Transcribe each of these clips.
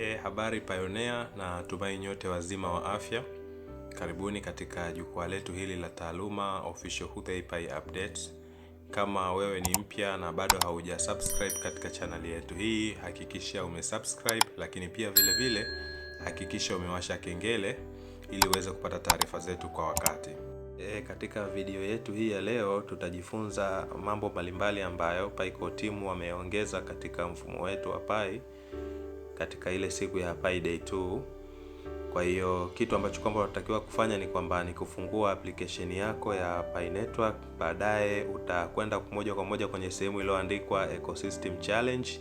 E, habari Pioneer na tumai nyote wazima wa afya. Karibuni katika jukwaa letu hili la taaluma Official Khudhey Update. Kama wewe ni mpya na bado hauja subscribe katika chaneli yetu hii, hakikisha umesubscribe, lakini pia vile vile hakikisha umewasha kengele ili uweze kupata taarifa zetu kwa wakati. E, katika video yetu hii ya leo tutajifunza mambo mbalimbali ambayo PaiCo team wameongeza katika mfumo wetu wa Pai katika ile siku ya Day 2. Kwa hiyo kitu ambacho kwamba unatakiwa kufanya ni kwamba ni kufungua application yako ya Pi Network, baadaye utakwenda moja kwa moja kwenye sehemu iliyoandikwa Ecosystem Challenge,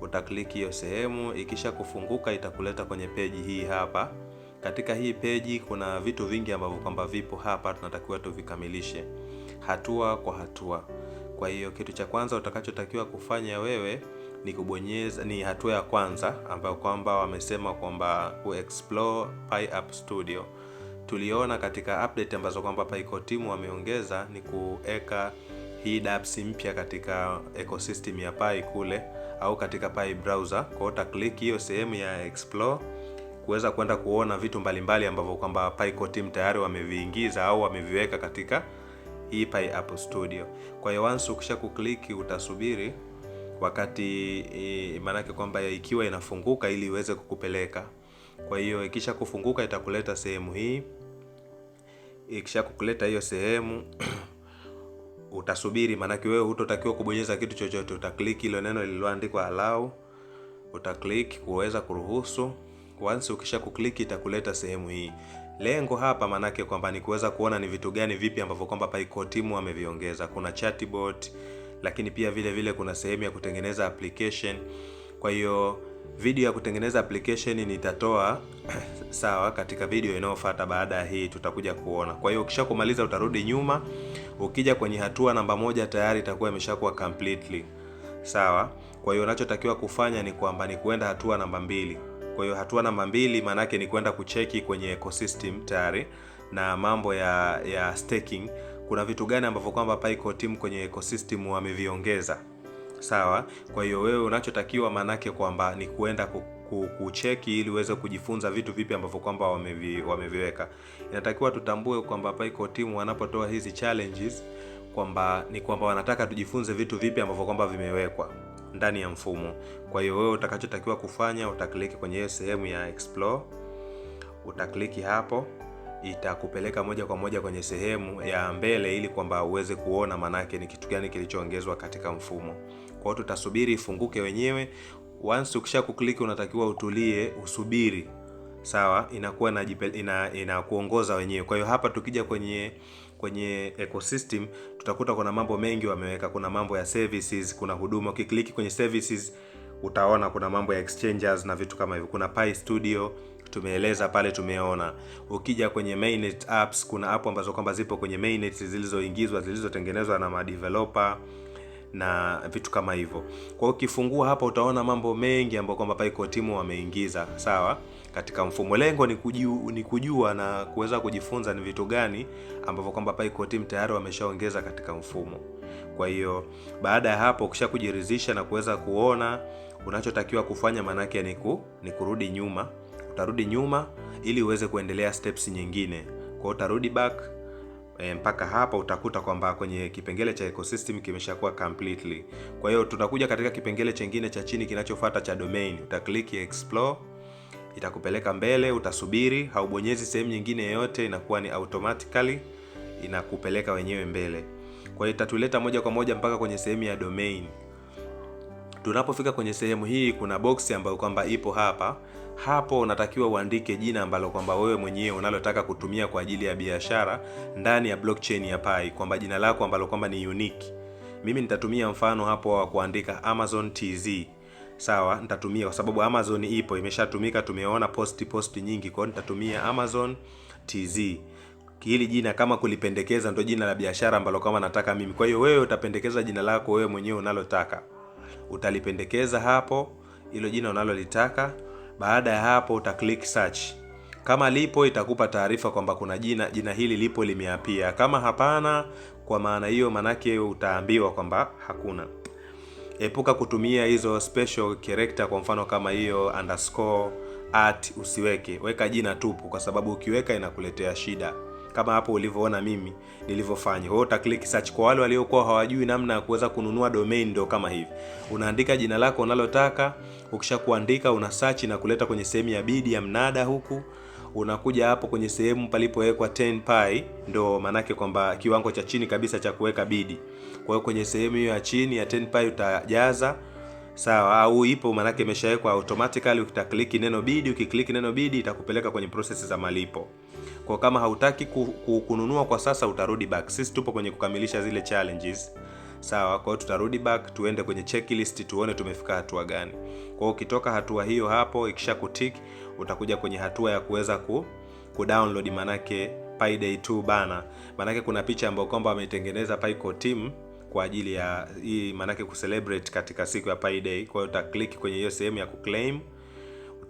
utakliki hiyo sehemu, ikisha kufunguka itakuleta kwenye peji hii hapa. Katika hii peji kuna vitu vingi ambavyo kwamba vipo hapa, tunatakiwa tuvikamilishe hatua kwa hatua. Kwa hiyo kitu cha kwanza utakachotakiwa kufanya wewe ni kubonyeza, ni hatua ya kwanza ambayo kwamba wamesema kwamba ku explore Pi App Studio. Tuliona katika update ambazo kwamba Pico Team wameongeza ni kuweka hii dapps mpya katika ecosystem ya Pi kule au katika Pi browser. Kwa hiyo click hiyo sehemu ya explore kuweza kwenda kuona vitu mbalimbali ambavyo kwamba Pico Team tayari wameviingiza au wameviweka katika hii Pi App Studio. Kwa hiyo once ukisha kuklik utasubiri wakati e, maanake kwamba ikiwa inafunguka ili iweze kukupeleka. Kwa hiyo ikisha kufunguka itakuleta sehemu hii, ikisha kukuleta hiyo sehemu utasubiri, maanake wewe hutotakiwa kubonyeza kitu chochote. Utaklik ile neno lililoandikwa alau utaklik kuweza kuruhusu. Once ukisha kuklik itakuleta sehemu hii. Lengo hapa maanake kwamba ni kuweza kuona ni vitu gani vipi ambavyo kwamba PayCool team ameviongeza. Kuna chatbot lakini pia vile vile kuna sehemu ya kutengeneza application. Kwa hiyo video ya kutengeneza application nitatoa sawa, katika video inayofuata baada ya hii tutakuja kuona. Kwa hiyo ukisha kumaliza utarudi nyuma, ukija kwenye hatua namba moja tayari itakuwa imeshakuwa completely sawa. Kwa hiyo unachotakiwa kufanya ni kwamba ni kuenda hatua namba mbili. Kwa hiyo hatua namba mbili maanake ni kwenda kucheki kwenye ecosystem tayari na mambo ya, ya staking kuna vitu gani ambavyo kwamba Pico team kwenye ecosystem wameviongeza. Sawa, kwa hiyo wewe unachotakiwa maanake kwamba ni kuenda kucheki ili uweze kujifunza vitu vipi ambavyo kwamba wamevi, wameviweka. Inatakiwa tutambue kwamba Pico team wanapotoa hizi challenges kwamba ni kwamba wanataka tujifunze vitu vipi ambavyo kwamba vimewekwa ndani ya mfumo. Kwa hiyo wewe utakachotakiwa kufanya utakliki kwenye hiyo sehemu ya explore, utakliki hapo itakupeleka moja kwa moja kwenye sehemu ya mbele ili kwamba uweze kuona manake ni kitu gani kilichoongezwa katika mfumo. Kwa hiyo tutasubiri ifunguke wenyewe. Once ukisha kukliki, unatakiwa utulie, usubiri sawa, inakuwa inakuongoza ina wenyewe. Kwa hiyo hapa tukija kwenye kwenye ecosystem tutakuta kuna mambo mengi wameweka. Kuna mambo ya services, kuna huduma. Ukikliki kwenye services utaona kuna mambo ya exchanges na vitu kama hivyo. Kuna Pi Studio tumeeleza pale, tumeona. Ukija kwenye mainnet apps, kuna app ambazo kwamba zipo kwenye mainnet zilizoingizwa, zilizotengenezwa na madeveloper na vitu kama hivyo. Kwa hiyo ukifungua hapa utaona mambo mengi ambayo kwamba Paiko timu wameingiza sawa katika mfumo. Lengo ni kujua, ni kujua na kuweza kujifunza ni vitu gani ambavyo kwamba Paiko timu tayari wameshaongeza katika mfumo. Kwa hiyo baada ya hapo ukisha kujiridhisha na kuweza kuona unachotakiwa kufanya, maanake ni ku, ni kurudi nyuma utarudi nyuma ili uweze kuendelea steps nyingine. Kwa hiyo utarudi back e, mpaka hapa utakuta kwamba kwenye kipengele cha ecosystem kimeshakuwa completely. Kwa hiyo tutakuja katika kipengele chengine cha chini kinachofuata cha domain, utaklik explore itakupeleka mbele, utasubiri, haubonyezi sehemu nyingine yoyote, inakuwa ni automatically inakupeleka wenyewe mbele. Kwa hiyo itatuleta moja kwa moja mpaka kwenye sehemu ya domain. Tunapofika kwenye sehemu hii, kuna boksi ambayo kwamba ipo hapa. Hapo unatakiwa uandike jina ambalo kwamba wewe mwenyewe unalotaka kutumia kwa ajili ya biashara ndani ya blockchain ya Pi, kwamba jina lako ambalo kwamba ni unique. Mimi nitatumia mfano hapo wa kuandika Amazon TZ. Sawa, nitatumia kwa sababu Amazon ipo imeshatumika, tumeona posti posti nyingi, kwa hiyo nitatumia Amazon TZ. Hili jina kama kulipendekeza, ndo jina la biashara ambalo kama nataka mimi. Kwa hiyo wewe utapendekeza jina lako wewe mwenyewe unalotaka utalipendekeza hapo hilo jina unalolitaka. Baada ya hapo uta click search. Kama lipo itakupa taarifa kwamba kuna jina jina hili lipo limeapia. Kama hapana, kwa maana hiyo manake utaambiwa kwamba hakuna. Epuka kutumia hizo special character, kwa mfano kama hiyo underscore at usiweke, weka jina tupu, kwa sababu ukiweka inakuletea shida kama hapo ulivyoona mimi nilivyofanya. Kwa hiyo uta search. Kwa wale waliokuwa hawajui namna ya kuweza kununua domain, ndio kama hivi, unaandika jina lako unalotaka. Ukisha kuandika una search na kuleta kwenye sehemu ya bidi ya mnada huku unakuja hapo kwenye sehemu palipowekwa 10 pi, ndo maanake kwamba kiwango cha chini kabisa cha kuweka bidi. Kwa hiyo kwenye sehemu hiyo ya chini ya 10 pi utajaza sawa, au ipo maanake imeshawekwa automatically. Utakliki neno bidi, ukikliki neno bidi itakupeleka kwenye process za malipo kwa kama hautaki kununua kwa sasa utarudi back. Sisi tupo kwenye kukamilisha zile challenges sawa. Kwa hiyo tutarudi back tuende kwenye checklist tuone tumefika hatua gani. Kwa hiyo ukitoka hatua hiyo hapo ikisha kutik, utakuja kwenye hatua ya kuweza ku, ku download manake Payday 2 bana, manake kuna picha ambayo kwamba wameitengeneza Paiko team kwa ajili ya hii manake kucelebrate katika siku ya Payday. Kwa hiyo uta click kwenye hiyo sehemu ya kuclaim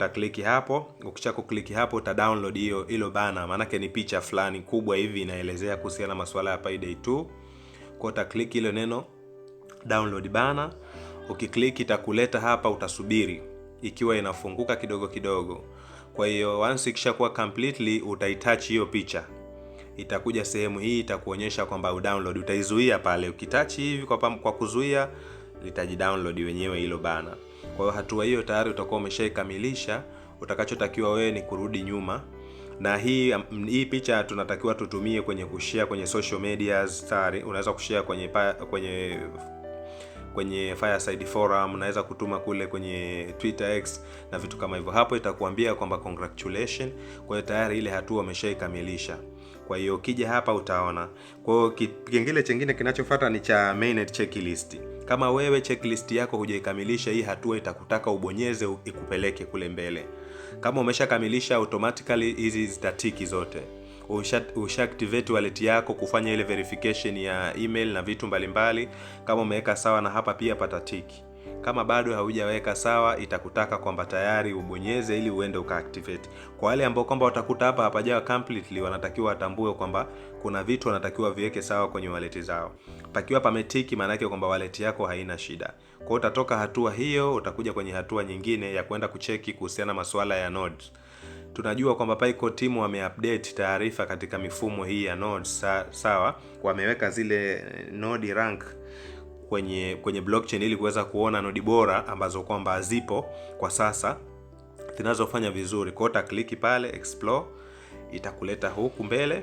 utakliki hapo. Ukisha kukliki hapo, uta download hiyo hilo bana, maanake ni picha fulani kubwa hivi inaelezea kuhusiana na masuala ya Payday 2. Kwa utakliki ile neno download bana, ukiklik itakuleta hapa, utasubiri ikiwa inafunguka kidogo kidogo. Kwa hiyo once ikishakuwa completely, utaitouch hiyo picha itakuja sehemu hii, itakuonyesha kwamba udownload, utaizuia pale. Ukitachi hivi kwa, kwa kuzuia litajidownload wenyewe hilo bana. Kwa hiyo hatua hiyo tayari utakuwa umeshaikamilisha. Utakachotakiwa wewe ni kurudi nyuma, na hii hii picha tunatakiwa tutumie kwenye kushare kwenye social media Tayari unaweza kushare kwenye kwenye kwenye Fireside Forum, unaweza kutuma kule kwenye Twitter X na vitu kama hivyo. Hapo itakuambia kwamba congratulation. Kwa hiyo tayari ile hatua umeshaikamilisha. Kwa hiyo kija hapa utaona. Kwa hiyo kipengele chengine kinachofuata ni cha mainnet checklist. Kama wewe checklist yako hujaikamilisha, hii hatua itakutaka ubonyeze ikupeleke kule mbele. Kama umeshakamilisha, automatically hizi zitatiki zote. Usha, usha activate wallet yako kufanya ile verification ya email na vitu mbalimbali mbali. Kama umeweka sawa na hapa pia patatiki. Kama bado haujaweka sawa, itakutaka kwamba tayari ubonyeze ili uende ukaactivate. Kwa wale ambao kwamba watakuta hapa hapajawa completely, wanatakiwa watambue kwamba kuna vitu wanatakiwa viweke sawa kwenye wallet zao. Pakiwa pametiki, maana yake kwamba wallet yako haina shida. Kwa utatoka hatua hiyo, utakuja kwenye hatua nyingine ya kwenda kucheki kuhusiana masuala ya nodes. Tunajua kwamba Paiko team wameupdate taarifa katika mifumo hii ya nodes, sawa, wameweka zile eh, node rank kwenye kwenye blockchain ili kuweza kuona nodi bora ambazo kwamba zipo kwa sasa zinazofanya vizuri. Kwa utakliki pale explore, itakuleta huku mbele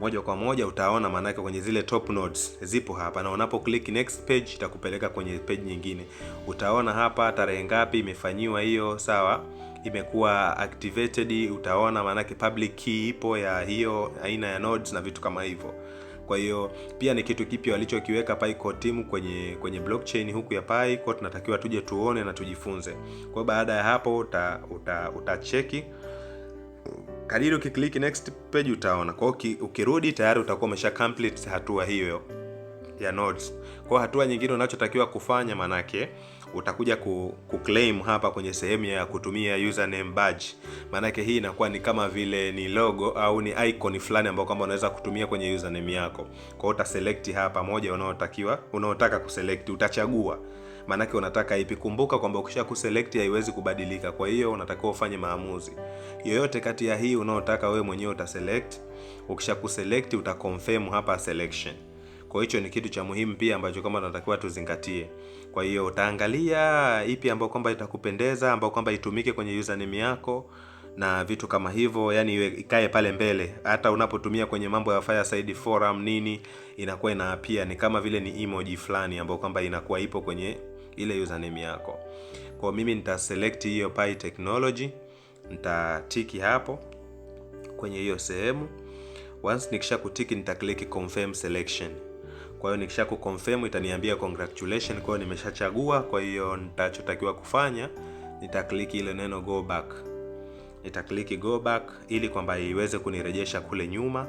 moja kwa moja utaona maanake kwenye zile top nodes zipo hapa, na unapo click next page itakupeleka kwenye page nyingine. Utaona hapa tarehe ngapi imefanyiwa hiyo, sawa, imekuwa activated. Utaona maanake public key ipo ya hiyo aina ya nodes na vitu kama hivyo. Kwa hiyo pia ni kitu kipya walichokiweka PaiCore team kwenye kwenye blockchain huku ya pai kwa tunatakiwa tuje tuone na tujifunze. Kwa baada ya hapo uta, uta, utacheki kadiri ukiklik next page utaona. Kwa hiyo ukirudi tayari utakuwa umesha complete hatua hiyo ya nodes. Kwa hatua nyingine unachotakiwa kufanya manake utakuja ku, ku claim hapa kwenye sehemu ya kutumia username badge. Maanake hii inakuwa ni kama vile ni logo au ni icon fulani ambayo kwamba unaweza kutumia kwenye username yako. Kwa hiyo utaselect hapa moja unaotakiwa unaotaka kuselect, utachagua maanake unataka ipi. Kumbuka kwamba ukisha kuselect haiwezi kubadilika, kwa hiyo unatakiwa ufanye maamuzi yoyote kati ya hii unaotaka wewe mwenyewe utaselect. Ukisha kuselect utaconfirm hapa selection. Kwa hicho ni kitu cha muhimu pia ambacho kama tunatakiwa tuzingatie. Kwa hiyo utaangalia ipi ambayo kwamba itakupendeza ambayo kwamba itumike kwenye username yako na vitu kama hivyo, yani iwe ikae pale mbele, hata unapotumia kwenye mambo ya Fireside forum nini, inakuwa ina pia ni kama vile ni emoji fulani ambayo kwamba inakuwa ipo kwenye ile username yako. Kwa mimi nita select hiyo Pi Technology, nitatiki hapo kwenye hiyo sehemu. Once nikisha kutiki nita click confirm selection. Kwa hiyo nikisha kuconfirm itaniambia congratulation, kwa hiyo nimeshachagua. Kwa hiyo nitachotakiwa kufanya nitakliki ile neno go back, nitakliki go back ili kwamba iweze kunirejesha kule nyuma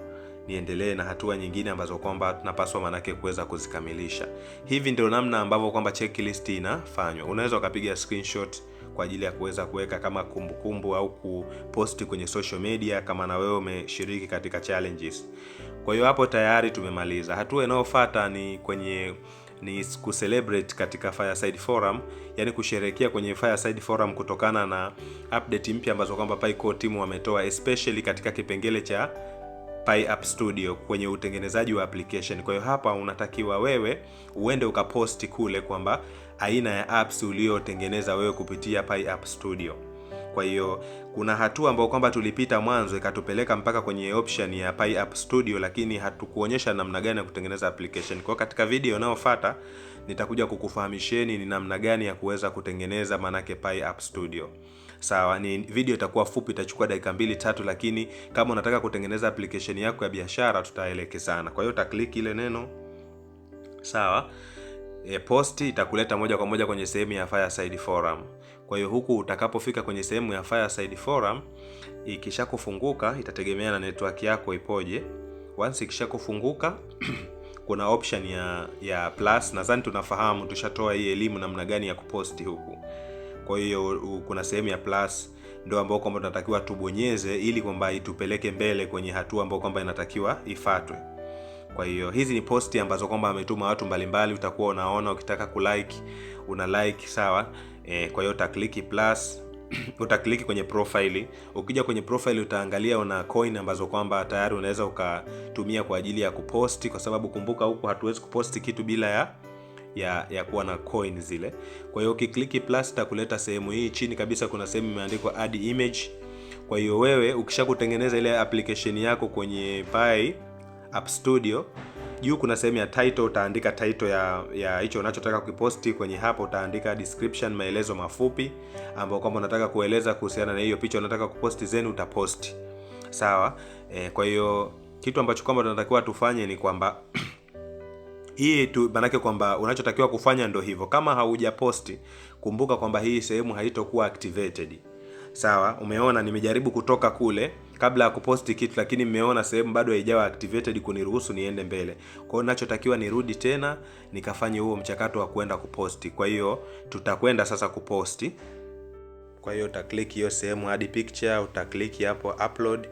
niendelee na hatua nyingine ambazo kwamba tunapaswa manake kuweza kuzikamilisha. Hivi ndio namna ambavyo kwamba checklist inafanywa. Unaweza ukapiga screenshot kwa ajili ya kuweza kuweka kama kumbukumbu kumbu, au kuposti kwenye social media kama na wewe umeshiriki katika challenges. Kwa hiyo hapo tayari tumemaliza. Hatua inayofuata ni kwenye ni kucelebrate katika Fireside Forum, yani kusherekea kwenye Fireside Forum kutokana na update mpya ambazo kwamba PaiCo team wametoa especially katika kipengele cha Pi App Studio kwenye utengenezaji wa application. Kwa hiyo hapa unatakiwa wewe uende ukaposti kule kwamba aina ya apps uliyotengeneza wewe kupitia Pi App Studio. Kwa hiyo kuna hatua ambayo kwamba tulipita mwanzo ikatupeleka mpaka kwenye option ya Pi App Studio, lakini hatukuonyesha namna gani ya kutengeneza application. Kwa katika video inayofuata nitakuja kukufahamisheni ni namna gani ya kuweza kutengeneza manake Pi App Studio. Sawa, ni video itakuwa fupi, itachukua dakika mbili tatu, lakini kama unataka kutengeneza application yako ya biashara tutaelekezana. Kwa hiyo utaklik ile neno sawa, e, posti itakuleta moja kwa moja kwenye sehemu ya Fireside Forum. Kwa hiyo huku utakapofika kwenye sehemu ya Fireside Forum, ikisha kufunguka itategemea na network yako ipoje. Once ikisha kufunguka kuna option ya ya plus, nadhani tunafahamu, tushatoa hii elimu namna gani ya kuposti huku. Kwa hiyo kuna sehemu ya plus ndio ambao kwamba tunatakiwa tubonyeze ili kwamba itupeleke mbele kwenye hatua ambayo kwamba inatakiwa ifatwe. Kwa hiyo hizi ni posti ambazo kwamba ametuma watu mbalimbali, utakuwa unaona ukitaka kulike una like, sawa E, kwa hiyo utakliki plus utakliki kwenye profile. Ukija kwenye profile utaangalia una coin ambazo kwamba tayari unaweza ukatumia kwa ajili ya kuposti, kwa sababu kumbuka, huku hatuwezi kuposti kitu bila ya ya ya kuwa na coin zile. Kwa hiyo ukikliki plus itakuleta sehemu hii chini kabisa, kuna sehemu imeandikwa add image. Kwa hiyo wewe ukishakutengeneza ile application yako kwenye Pi App Studio juu kuna sehemu ya title, utaandika title ya ya hicho unachotaka kuposti. Kwenye hapo utaandika description, maelezo mafupi ambayo kwamba unataka kueleza kuhusiana na hiyo picha unataka kuposti, then utaposti. Sawa e, kwa hiyo kitu ambacho kwamba tunatakiwa tufanye ni kwamba hii tu manake kwamba unachotakiwa kufanya ndo hivyo. Kama haujaposti, kumbuka kwamba hii sehemu haitokuwa activated sawa. Umeona, nimejaribu kutoka kule kabla ya kuposti kitu, lakini mmeona sehemu bado haijawa activated kuniruhusu niende mbele. kwao hiyo ninachotakiwa nirudi tena nikafanye huo mchakato wa kwenda kuposti. Kwa hiyo tutakwenda sasa kuposti. Kwa hiyo utaklik hiyo sehemu hadi picture, utaklik hapo upload,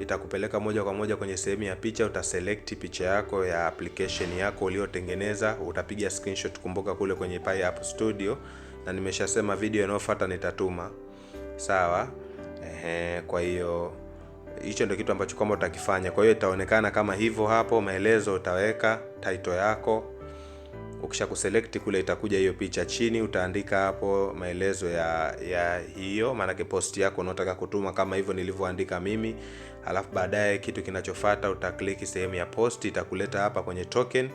itakupeleka moja kwa moja kwenye sehemu ya picha. Utaselect picha yako ya application yako uliyotengeneza utapiga screenshot, kumbuka kule kwenye Pi App Studio, na nimeshasema video inayofuata nitatuma sawa. Ehe, kwa hiyo hicho ndio kitu ambacho kwamba utakifanya. Kwa hiyo itaonekana kama hivyo hapo, maelezo utaweka title yako. Ukisha kuselect kule, itakuja hiyo picha chini, utaandika hapo maelezo ya ya hiyo maanake post yako unaotaka kutuma, kama hivyo nilivyoandika mimi. Alafu baadaye kitu kinachofata utakliki sehemu ya post, itakuleta hapa kwenye token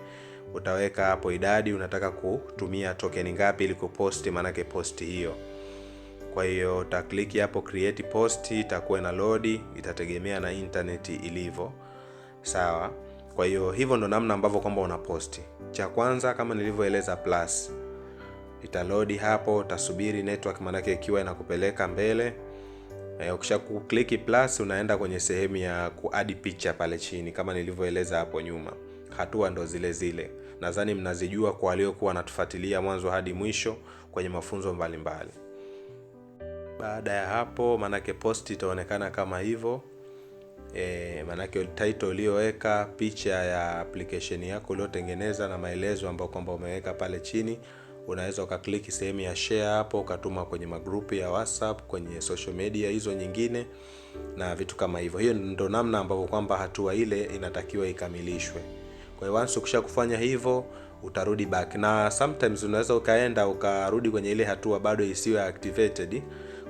utaweka hapo idadi, unataka kutumia token ngapi ili kuposti maanake posti hiyo. Kwa hiyo takliki hapo create post, itakuwa na load, itategemea na internet ilivyo. Sawa. Kwa hiyo hivyo ndo namna ambavyo kwamba una post. Cha kwanza kama nilivyoeleza plus ita load hapo, utasubiri network manake ikiwa inakupeleka mbele e, ukisha click plus unaenda kwenye sehemu ya kuadi picha pale chini, kama nilivyoeleza hapo nyuma. Hatua ndo zile zile, nadhani mnazijua kwa waliokuwa wanatufuatilia mwanzo hadi mwisho kwenye mafunzo mbalimbali mbali. Baada ya hapo, maanake post itaonekana kama hivyo e, maanake title uliyoweka, picha ya application yako uliotengeneza na maelezo ambayo kwamba umeweka pale chini. Unaweza ukaklik sehemu ya share hapo ukatuma kwenye magrupu ya WhatsApp, kwenye social media hizo nyingine na vitu kama hivyo. Hiyo ndo namna ambavyo kwamba hatua ile inatakiwa ikamilishwe. Kwa hiyo once ukisha kufanya hivyo utarudi back, na sometimes unaweza ukaenda ukarudi kwenye ile hatua bado isiyo activated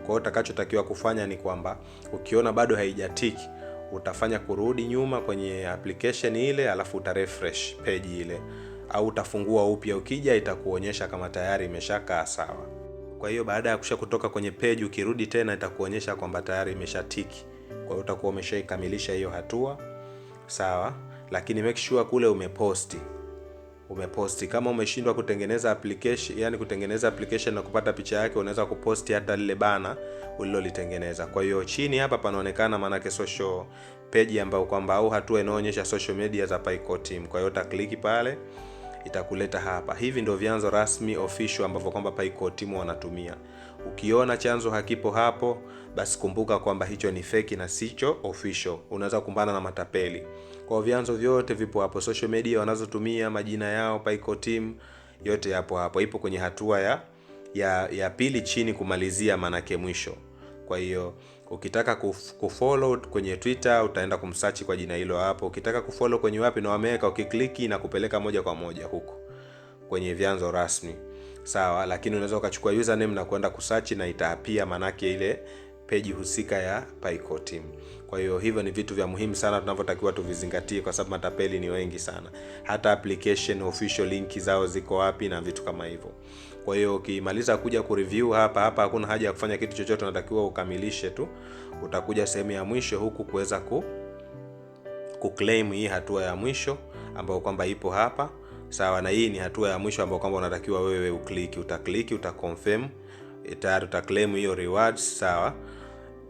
kwa hiyo utakachotakiwa kufanya ni kwamba ukiona bado haijatiki utafanya kurudi nyuma kwenye application ile, alafu uta refresh page ile, au utafungua upya. Ukija itakuonyesha kama tayari imeshakaa sawa. Kwa hiyo baada ya kusha kutoka kwenye page, ukirudi tena itakuonyesha kwamba tayari imeshatiki. Kwa hiyo utakuwa umeshaikamilisha hiyo hatua, sawa. Lakini make sure kule umeposti umeposti. Kama umeshindwa kutengeneza application, yani kutengeneza application na kupata picha yake, unaweza kuposti hata lile bana ulilolitengeneza. Kwa hiyo chini hapa panaonekana maanake social page ambayo kwamba au hatua inaonyesha social media za Paiko Team. Kwa hiyo utakliki pale itakuleta hapa. Hivi ndio vyanzo rasmi official ambavyo kwamba Paiko Team wanatumia. Ukiona chanzo hakipo hapo basi kumbuka kwamba hicho ni feki na sicho official. Unaweza kukumbana na matapeli kwa vyanzo vyote vipo hapo, social media wanazotumia majina yao, Paiko Team yote yapo hapo, ipo kwenye hatua ya ya, ya pili chini kumalizia, manake mwisho. Kwa hiyo ukitaka kufollow kwenye Twitter utaenda kumsearch kwa jina hilo hapo, ukitaka kufollow kwenye wapi na wameweka, ukikliki na kupeleka moja kwa moja huko kwenye vyanzo rasmi, sawa. Lakini unaweza ukachukua username na kwenda kusachi na itaapia manake ile peji husika ya Paiko Team. Kwa hiyo hivyo ni vitu vya muhimu sana tunavyotakiwa tuvizingatie, kwa sababu matapeli ni wengi sana, hata application official link zao ziko wapi na vitu kama hivyo. Kwa hiyo ukimaliza kuja kureview hapa hapa, hakuna haja ya kufanya kitu chochote, unatakiwa ukamilishe tu, utakuja sehemu ya mwisho huku kuweza ku kuclaim hii hatua ya mwisho ambayo kwamba ipo hapa sawa, na hii ni hatua ya mwisho ambayo kwamba unatakiwa wewe ukliki, utakliki, utaconfirm eh, tayari utaclaim hiyo rewards sawa.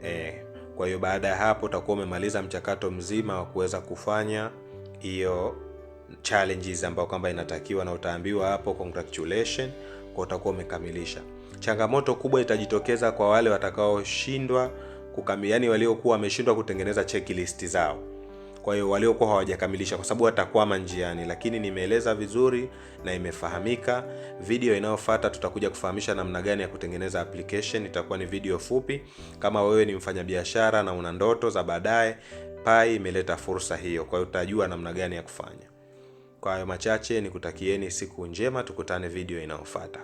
E, kwa hiyo baada ya hapo utakuwa umemaliza mchakato mzima wa kuweza kufanya hiyo challenges ambayo kwamba inatakiwa na utaambiwa hapo congratulation, kwa utakuwa umekamilisha. Changamoto kubwa itajitokeza kwa wale watakaoshindwa kukamilisha, yani waliokuwa wameshindwa kutengeneza checklist zao kwa hiyo waliokuwa hawajakamilisha kwa sababu watakwama njiani, lakini nimeeleza vizuri na imefahamika. Video inayofuata tutakuja kufahamisha namna gani ya kutengeneza application, itakuwa ni video fupi. Kama wewe ni mfanyabiashara na una ndoto za baadaye, Pai imeleta fursa hiyo, kwa hiyo utajua namna gani ya kufanya. Kwa hayo machache, nikutakieni siku njema, tukutane video inayofuata.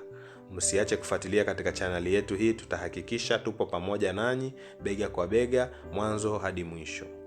Msiache kufuatilia katika chaneli yetu hii, tutahakikisha tupo pamoja nanyi bega kwa bega mwanzo hadi mwisho.